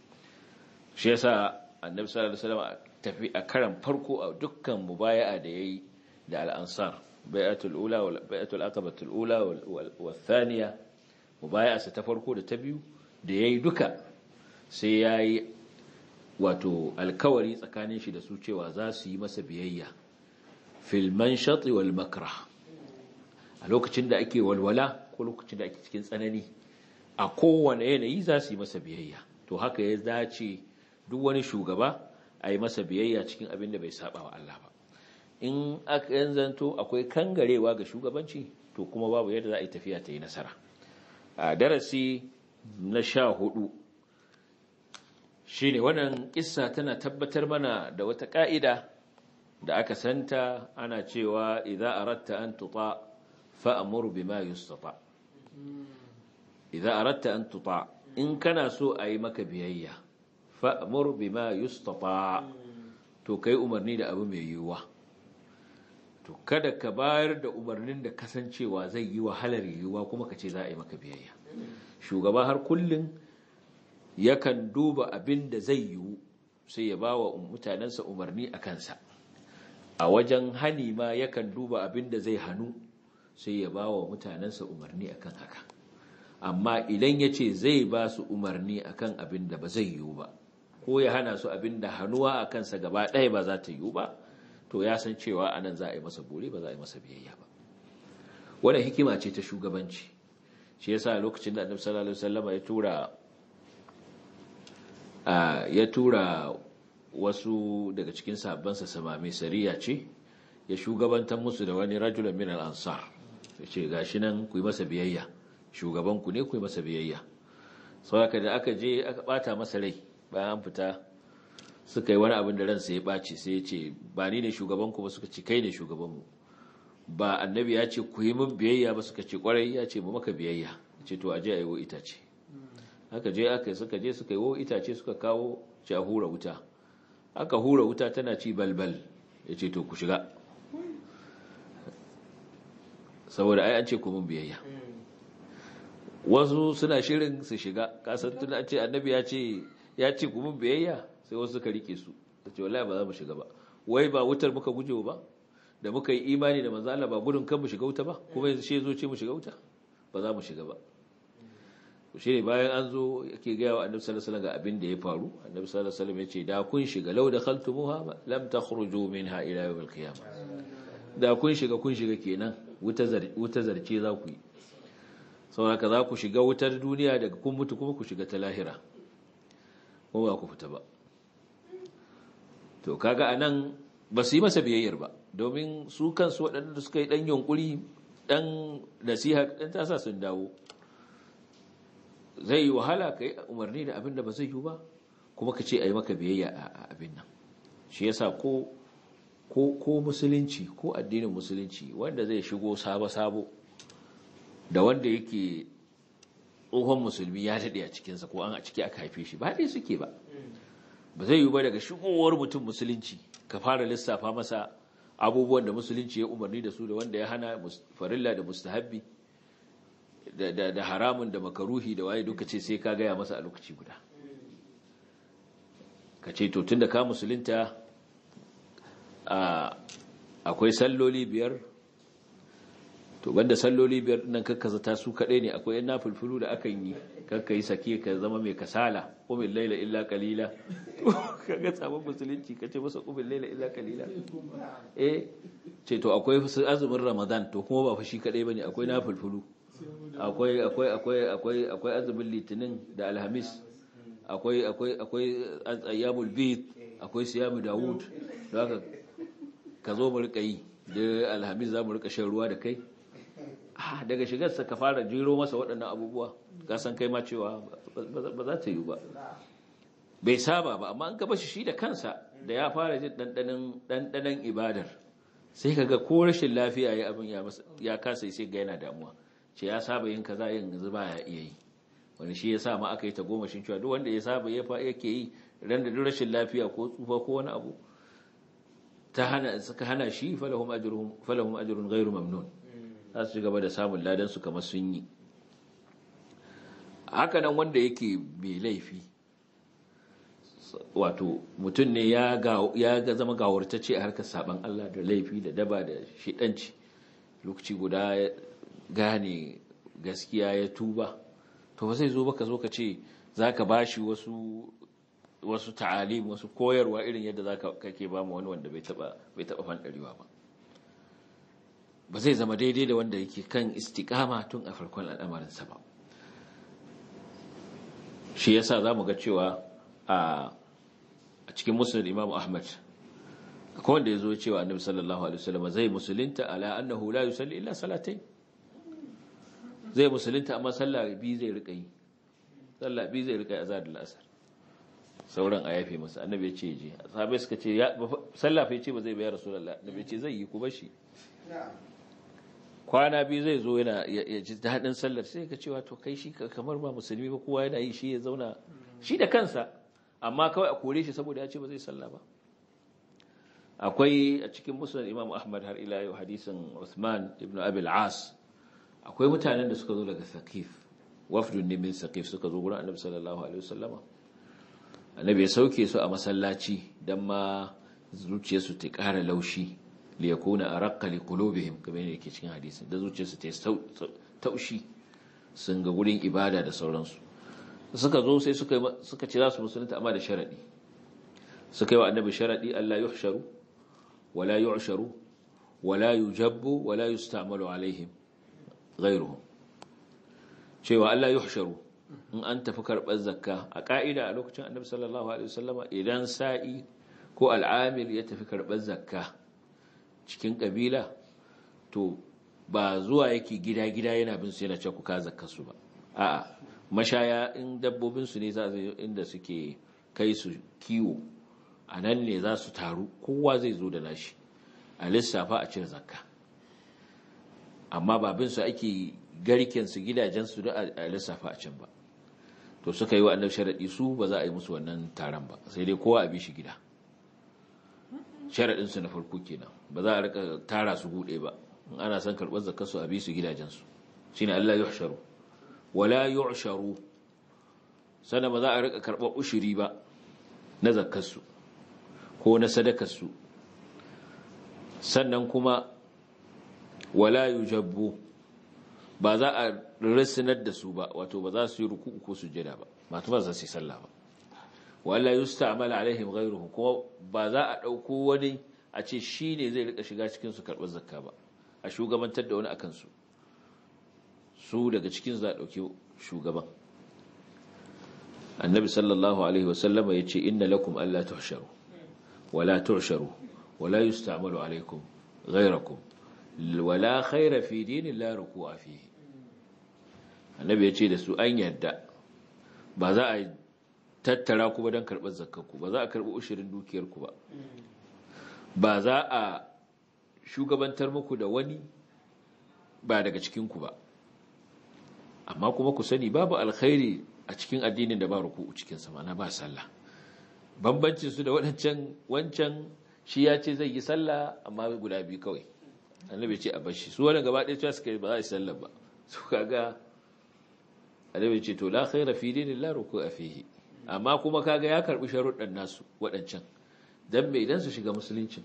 shi yasa Annabi sallallahu alaihi wasallama tafi a karan farko a dukkan mubaya'a da yayi da al'ansar bai'atul ula bai'atul aqabatul ula wal thaniya mubaya'arsa ta farko da ta biyu da yayi duka sai yayi wato alkawari tsakanin shi da su cewa za su yi masa biyayya Filman manshati makra a lokacin da ake walwala ko lokacin da ake cikin tsanani a kowane yanayi za su yi masa biyayya to haka ya dace duk wani shugaba a yi masa biyayya cikin abin da bai saba wa Allah ba in aka zanto akwai kangarewa ga shugabanci to kuma babu yadda za a yi tafiya ta yi nasara a darasi na sha hudu shi ne wannan kissa tana tabbatar mana da wata ka'ida da aka santa ana cewa idan aratta an tuta fa'mur bima yustata idza aratta an tuta in kana so a yi maka biyayya fa'mur bima yustata to kai umarni da abu mai yiwuwa to kada ka bayar da umarnin da kasancewa zai yi wahalar yiwuwa kuma ka ce za a yi maka biyayya shugaba har kullum yakan duba abin da zai yiwu sai ya ba wa um, mutanensa umarni a kansa a wajen hani ma yakan duba abin da zai hannu sai ya ba wa mutanensa umarni a kan haka amma idan ya ce zai ba su umarni a kan abin da ba zai yiwu ba ko ya hana su abin da hannuwa a kansa gaba ɗaya ba za ta yiwu ba to ya san cewa a nan za a yi masa bore ba za a yi masa biyayya ba wani hikima ce ta shugabanci shi ya yasa lokacin da annabi sallallahu alaihi ya tura wasu daga cikin sabansa samami sariya ce ya shugabantar musu da wani rajulan min al-ansar yace gashi nan ku yi masa biyayya shugabanku ne ku yi masa biyayya saboda da aka je aka bata masa rai bayan an fita suka yi wani abin da ransa ya ɓaci sai ya ce ba ni ne shugabanku ba suka ce kai ne shugabanmu ba annabi ya ce ku yi min biyayya ba suka ce kwarai ya ce mu maka biyayya ce to aje ayi wo itace aka je aka suka je suka yi wo itace suka kawo ce a hura wuta aka hura wuta tana ci balbal ya ce to ku shiga saboda ai an ce ku min biyayya wasu suna shirin su shiga kasan tun an ce annabi ya ce ya ce ku min biyayya sai wasu suka rike su ta ce wallahi ba za mu shiga ba wai ba wutar muka guje ba da muka yi imani da manzo Allah ba gudun kan mu shiga wuta ba kuma yanzu shi zo ce mu shiga wuta ba za mu shiga ba to ne bayan an zo yake ga wa Annabi sallallahu alaihi wasallam ga abin da ya faru Annabi sallallahu alaihi wasallam ya ce da kun shiga law khaltumuha lam takhruju minha ila yawm al-qiyamah da kun shiga kun shiga kenan wuta wuta zarce za ku yi saboda za ku shiga wutar duniya daga kun mutu kuma ku shiga ta lahira kuma ba ku fita ba to kaga anan ba su yi masa biyayyar ba domin su kansu waɗanda suka yi ɗan yunkuri ɗan nasiha ɗan tasa sun dawo zai yi wahala ka yi umarni da abin da ba zai yi ba kuma ka ce a yi maka biyayya a abin nan shi yasa ko ko musulunci ko addinin musulunci wanda zai shigo sabo-sabo da wanda yake tsohon musulmi ya daɗe a cikinsa ko an a ciki aka haife shi ba dai suke ba ba zai yi ba daga shigowar mutum musulunci ka fara lissafa masa abubuwan da musulunci ya umarni da su da wanda ya hana farilla da mustahabbi da haramun da makaruhi da waye duka ce sai ka gaya masa a lokaci guda ka ce to tun da ka musulunta akwai salloli biyar to banda salloli biyar nan kakkasa su kaɗai ne akwai yan nafulfulu da akan yi kakka yi sake ka zama mai kasala qumil laila illa qalila [laughs] kaga sabon musulunci kace masa qumil layla illa Kalila. eh ce to akwai azumin ramadan to kuma ba fa shi kadai bane akwai nafilfulu akwai akwai akwai akwai akwai azumin litinin da alhamis akwai akwai akwai ayyamul bid akwai siyamu daud don haka ka zo mu rika yi da alhamis za mu rika shan ruwa da kai daga shigar sa ka fara jiro masa waɗannan abubuwa ga san kai ma cewa ba za ta yi ba bai saba ba amma an ka bashi shi da kansa da ya fara jin ɗanɗanan ibadar sai ka ga ko rashin lafiya ya abin ya kasa sai ga yana damuwa ce ya saba yin kaza yin zuba ya iya yi wani shi ya sa ma aka yi ta goma cewa duk wanda ya saba ya fa yake yi ran da duk rashin lafiya ko tsufa ko wani abu ta hana suka hana shi falahum ajrun falahum ajrun ghairu mamnun za su gaba da samun ladan su kamar sun yi haka nan wanda yake mai laifi wato mutum ne ya ga zama gawartacce a harkar saban Allah da laifi da daba da shidanci lokaci guda gane gaskiya ya tuba to ba zai zo baka zo ka ce za ka ba shi wasu wasu ta'alim wasu koyarwa irin yadda za ka ke ba wani wanda bai taba fanɗarewa ba ba zai zama daidai da wanda yake kan istikama tun a farkon al'amarinsa ba shi yasa za mu ga cewa a cikin musulun imam ahmad akwai wanda ya zo cewa annabi sallallahu alaihi wasallam zai musulunta ala annahu la yusalli illa salatai zai musulunta amma sallah bi zai rika yi sallah bi zai rika azar da asar sauran a yafe masa annabi ya ce je sahabbai suka ce sallah fa ce ba zai bayar rasulullah annabi ya ce zai yi ku bashi kwana biyu zai zo yana ya ji daɗin sallar sai ka cewa to kai shi kamar ba musulmi ba kowa yana yi shi ya zauna shi da kansa amma kawai a kore shi saboda ya ce ba zai sallah ba akwai a cikin musulun imam ahmad har ila yau hadisin usman ibn abil as akwai mutanen da suka zo daga sakif wafdun ne sakif suka zo gurin annabi sallallahu alaihi wasallama annabi ya sauke su a masallaci dan ma zuciyarsu ta ƙara laushi li yakuna araqqa li qulubihim kamar yadda yake cikin hadisin da zuciyarsu ta taushi sun ga gurin ibada da sauransu suka zo sai suka suka ci su musulunta amma da sharadi suka yi wa annabi sharadi Allah yuhsharu wala yu'sharu wala yujabbu wala yusta'malu alaihim ghayruhum cewa Allah yuhsharu in an tafi karɓar zakka a ka'ida a lokacin annabi sallallahu alaihi wasallama idan sa'i ko al'amil ya tafi karɓar zakka cikin kabila to ba zuwa yake gida-gida yana bin su yana ce ku kaza kasu ba a'a mashaya in dabbobin su ne za su inda suke kai su kiwo a nan ne za su taru kowa zai zo da nashi a lissafa a cire zakka amma babin su ake garken su gidajen su a lissafa a can ba to suka yi wa annabi sharadi su ba za a yi musu wannan taron ba sai dai kowa a bi shi gida sharaɗinsu su na farko kenan ba za a rika tara su buɗe ba in ana son karɓar zakar su a bi su gidajen su shine Allah yuhsharu wala yuhsharu sannan ba za a rika karɓar ushiri ba na zakar su ko na sadakar su sannan kuma wala yujabbu ba za a risinar da su ba wato ba za su yi ruku ko sujjada ba ba za su yi sallah ba wa Allah yusta'mal alaihim ghayruhum kuma ba za a dauko wani a ce shine zai rika shiga cikin su karbar zakka ba a shugabantar da wani akan su su daga cikin za a dauki shugaban annabi sallallahu alaihi wasallam ya ce inna lakum alla tuhsharu wala tuhsharu wala yusta'malu alaikum ghayrukum wala khayra fi dinillahi ruku'a fihi annabi ya ce da su an yadda ba za a tattara kuma don karɓar zakkanku ba za a karɓi ushirin dukiyarku ba ba za a shugabantar muku da wani ba daga cikinku ba amma kuma ku sani babu alkhairi a cikin addinin da ba ruku'u sama na ba sallah bambancin su da waɗancan wancan shi ya ce zai yi sallah amma guda biyu kawai annabi ce a bashi su wani gaba ɗaya cewa suka ba za a yi sallah ba su kaga annabi ce to la khaira fi dinin la ruku'a fihi amma kuma kaga ya karbi sharuɗan nasu waɗancan don mai idan su shiga musuluncin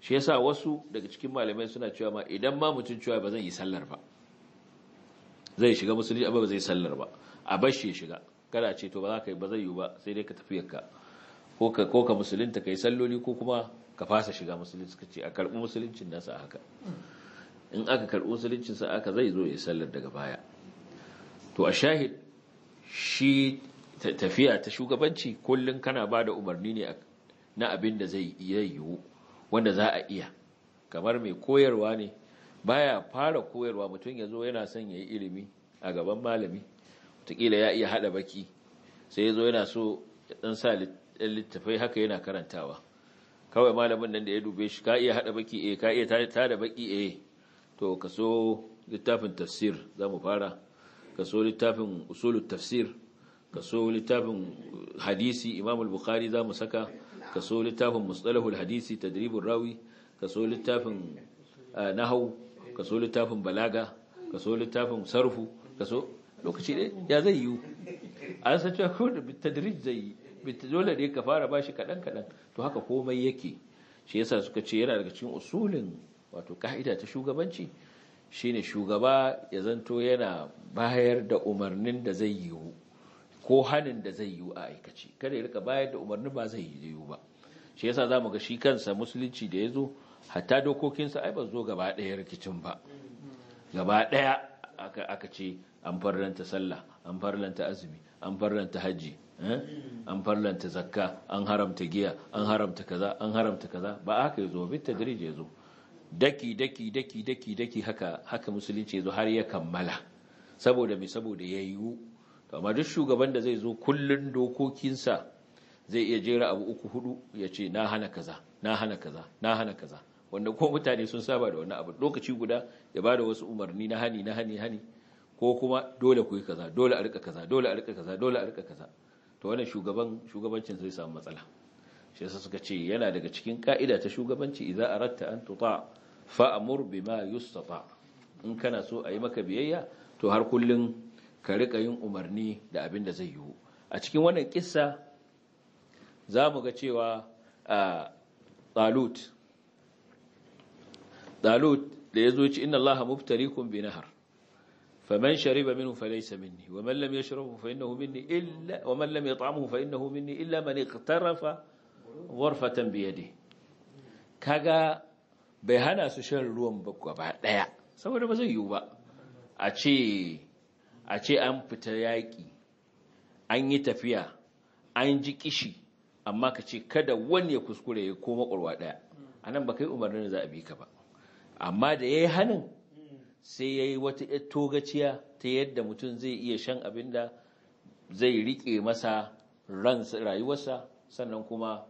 shi yasa wasu daga cikin malamai suna cewa ma idan ma mutum cewa ba zan yi sallar ba zai shiga musulunci amma ba zai sallar ba a shi ya shiga kada ce to ba za ka yi ba zai yi ba sai dai ka tafi ka ko ka ko ka yi salloli ko kuma ka fasa shiga musulunci ka ce a karɓi musuluncin nasa haka in aka karɓi musuluncin sa aka zai zo ya sallar daga baya to a shahid shi tafiya ta shugabanci kullum kana ba da umarni ne na abin da zai iya yiwu wanda za a iya kamar mai koyarwa ne baya fara koyarwa mutum ya zo yana son ya yi ilimi a gaban malami watakila ya iya hada baki sai ya zo yana so ya dan sa littafai haka yana karantawa kawai malamin nan da ya dube shi ka iya hada baki eh ka iya tada baki eh to ka so littafin tafsir za mu fara ka so littafin usulun tafsir kaso littafin hadisi imam al-bukhari za mu saka kaso littafin mustalahul hadisi tadribul rawi kaso littafin ah, nahau kaso littafin balaga kaso littafin sarfu kaso lokaci ne ya zai yiwu an san cewa ko da tadrij zai yi dole ne ka fara bashi kaɗan kaɗan to haka komai yake shi yasa suka ce yana daga cikin usulin wato ka'ida ta shugabanci shine shugaba ya zanto yana bayar da umarnin da zai yiwu ko hanin da zai yiwu a aikace kada ya rika bayar da umarni ba zai yi yiwu ba shi yasa mu ga shi kansa musulunci da ya zo hatta dokokinsa ai ba zo gaba ɗaya rikicin ba gaba ɗaya aka ce an farlanta sallah an farlanta azumi an farlanta hajji eh? an farlanta zakka an haramta giya an haramta kaza an haramta kaza ba haka yazo bit ya zo. daki daki daki daki daki haka haka musulunci ya zo har ya kammala saboda me saboda ya yiwu. amma duk shugaban da zai zo kullun dokokinsa zai iya jera abu uku hudu ya ce na hana kaza na hana kaza na hana kaza wanda ko mutane sun saba da wannan abu lokaci guda ya ba da wasu umarni na hani na hani hani ko kuma dole ku yi kaza dole a rika kaza dole a rika kaza dole a rika kaza to wannan shugaban shugabancin zai samu matsala shi yasa suka ce yana daga cikin ka'ida ta shugabanci idza aratta an tuta fa'mur bima yustata in kana so a yi maka biyayya to har kullun ka rika yin umarni da abin da zai yiwu a cikin wannan kissa za mu ga cewa talut talut da ya zoci, ci inna allaha mubtalikum bi nahar faman shariba minhu falaysa minni wa man lam yashrabhu fa innahu minni illa wa man lam yat'amhu fa innahu minni illa man iqtarafa ghurfatan bi yadihi kaga bai hana su shan ruwan ba gaba daya saboda ba zai yiwu ba a ce a ce an fita yaƙi an yi tafiya an ji kishi amma ka ce kada wani ya kuskure ya koma ƙwarwa ɗaya a nan ba kai umarnin za a bi ka ba amma da ya yi hannun sai ya yi wata togaciya ta yadda mutum zai iya shan abin da zai riƙe masa ran rayuwarsa sannan kuma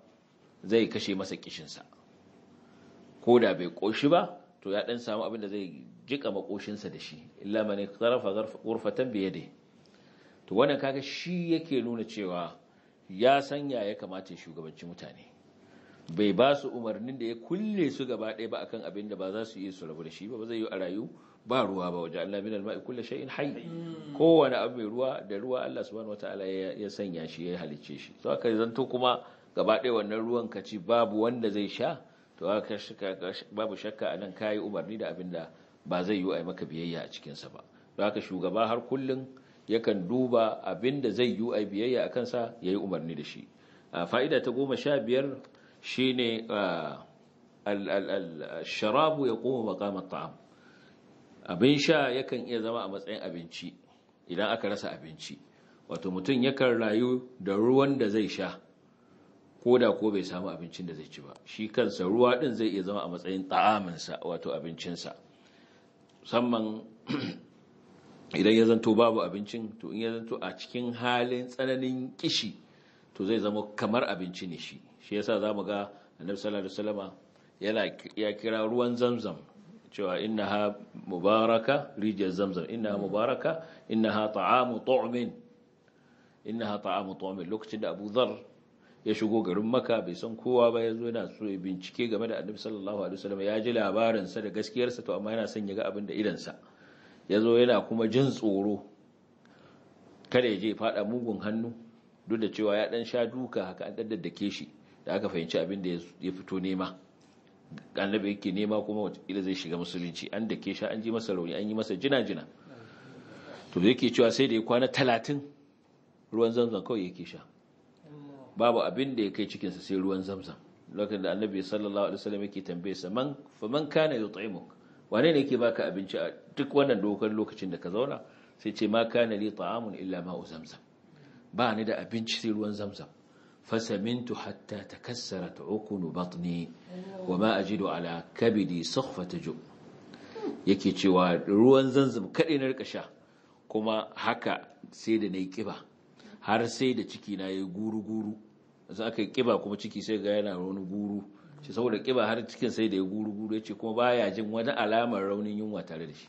zai kashe masa kishinsa ko da bai ƙoshi ba to ya dan samu abin da zai jika makoshinsa da shi illa man qarafa ghurfatan biye da to wannan kaga shi yake nuna cewa ya sanya ya kamata ya shugabanci mutane bai ba su umarnin da ya kulle su gaba ɗaya ba akan abin da ba za su yi su rabu da shi ba zai yi a rayu ba ruwa ba waje Allah min al-ma'i kullu shay'in hayy hmm. kowane abu mai ruwa da ruwa Allah subhanahu wataala ya sanya shi ya halicce shi to haka zanto kuma gaba ɗaya wannan ruwan kaci babu wanda zai sha to aka babu shakka anan yi umarni da abinda ba zai yi a maka biyayya a cikin sa ba don haka shugaba har kullun yakan duba abin da zai yi a biyayya a kansa yi umarni da shi fa'ida ta 15 shine al-sharabu ya koma makamar taam abin sha yakan iya zama a matsayin abinci idan aka rasa abinci wato mutum yakan rayu da ruwan da zai sha ko da ko bai samu abincin da zai ci ba shi kansa ruwa din zai iya zama a matsayin ta'aminsa wato abincinsa musamman [clears throat] idan ya zanto babu abincin to in ya zanto a cikin halin tsananin kishi to zai zama kamar abinci ne shi shi yasa zamu ga annabi sallallahu alaihi wasallama ya kira ruwan zamzam cewa innaha mubaraka rijal zamzam innaha mubaraka innaha ta'amu tu'min innaha ta'amu tu'min lokacin da Abu Dharr ya shigo garin maka bai san kowa ba ya zo yana so ya bincike game da annabi sallallahu alaihi wasallam ya ji labarin sa da gaskiyar sa to amma yana son ya ga abin da sa ya zo yana kuma jin tsoro kada ya je fada mugun hannu duk da cewa ya dan sha duka haka an ke shi da aka fahimci abin da ya fito nema annabi yake nema kuma wataƙila zai shiga musulunci an da ke shi an ji masa rauni an yi masa jina-jina to yake cewa sai da ya kwana talatin ruwan zanzan kawai yake sha babu abin da ya kai cikinsa sai ruwan zamzam lokacin da annabi sallallahu alaihi wasallam yake tambaye sa man faman kana yut'imuk wane ne yake baka abinci a duk wannan dokar lokacin da ka zauna sai ce ma kana li ta'amun illa ma'u zamzam ba ni da abinci sai ruwan zamzam fasamintu hatta takassarat ukunu batni wa ma ajidu ala kabidi sukhfata ju yake cewa ruwan zamzam kadai na rika sha kuma haka sai da nayi kiba har sai da ciki na yayi guru guru za aka yi kiba kuma ciki sai ga yana wani guru ce saboda kiba har cikin sai da ya guru guru yace kuma baya jin wani alamar raunin yunwa tare da shi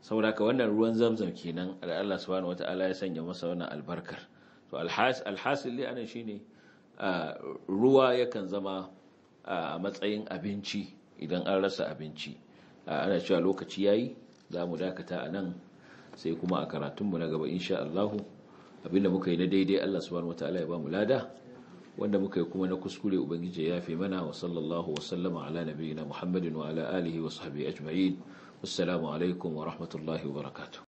saboda haka wannan ruwan zamzam kenan da Allah subhanahu wataala ya sanya masa wannan albarkar to alhas alhasil li anan shine ruwa yakan zama a matsayin abinci idan an rasa abinci ana cewa lokaci yayi za mu dakata a nan sai kuma a karatunmu na gaba insha Allahu abinda muka yi na daidai Allah subhanahu wataala ya ba mu lada wanda muka yi kuma na kuskure ubangiji ya fi mana wa sallallahu wa sallama ala nabiyina muhammadin wa ala alihi wa sahbihi ajma'in assalamu alaikum wa rahmatullahi wa barakatuh